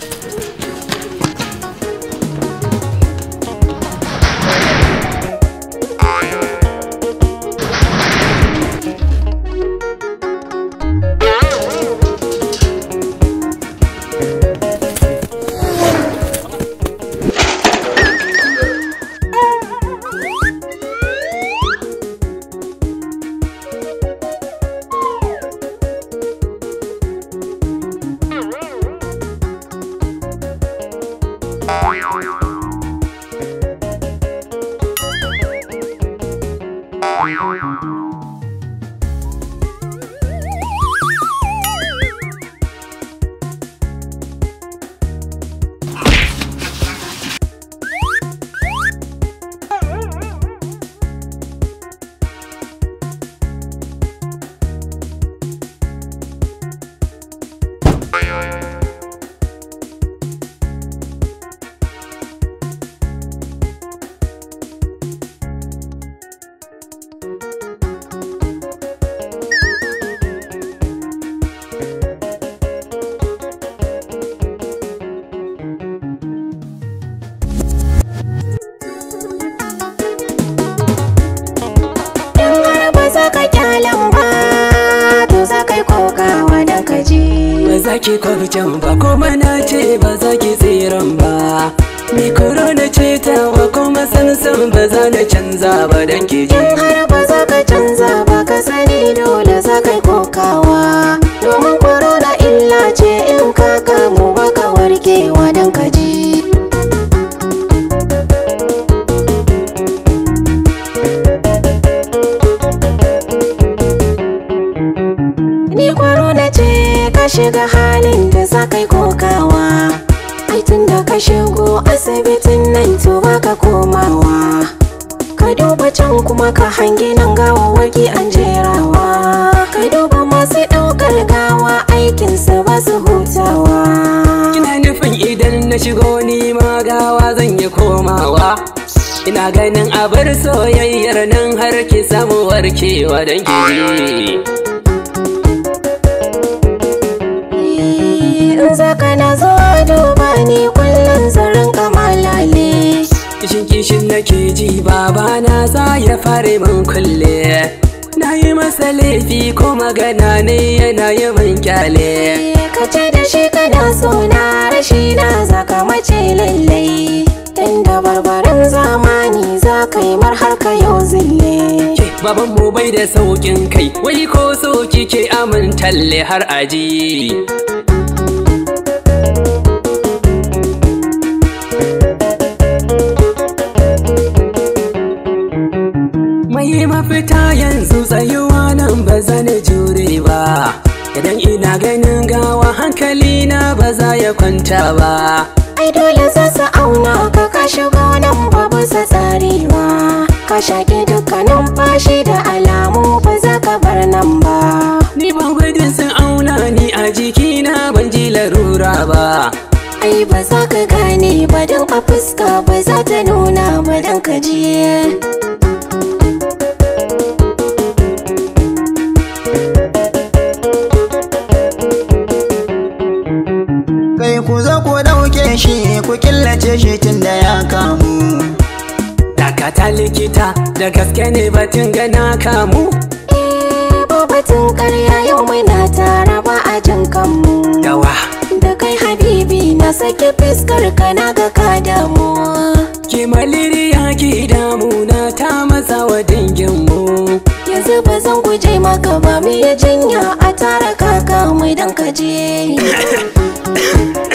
Thank you. Thank you. ki kwabcin ba kuma na ce ba za ki tsiran ba ni korona ce ta wa kuma sansan ba za na canza ba dan ki ha shiga halin da za kai kokawa ai tun da ka shigo asibitin nan to ba ka komawa ka duba can kuma ka hangi nan gawawaki an jerawa ka duba masu ɗaukar gawa aikinsa ba su hutawa kina nufin idan na shigo ni ma gawa zan yi komawa ina ganin abar soyayyar nan har ki samu warkewa don ki kishin kishin nake ji baba na za ya fare min kulle na yi masa laifi ko magana ne yana yi min kyale eh, ka ce da shi ka da so na rashi na za ka mace lallai inda barbarin zamani za ka yi mar har ka yau zille baban mu bai da saukin kai wai ko so kike amintalle har aji na yanzu tsayuwa nan ba zane jure ba idan ina ganin gawa hankali na ba za ya kwanta ba ai dole za su auna ka ka shigo nan ba sa tsari ba ka shaƙi dukkanin fashi da alamu ba za ka bar nan ba ni ban gudun sun auna ni a jikina ban ji larura ba ai ba za ka gane ba don a fuska ba za ta nuna ba don ka je shi ku killace shi tun da ya kamu dakata likita da gaske ne batun gana kamu eh, batun karya yau mai na tara ba a jin kanmu da kai habibi na sake fiskar ka na ga ka damu ki maliriya ki damu na ta matsa wa danginmu yanzu ba zan guje maka ba mu ya janya a tara kaka mu dan kaje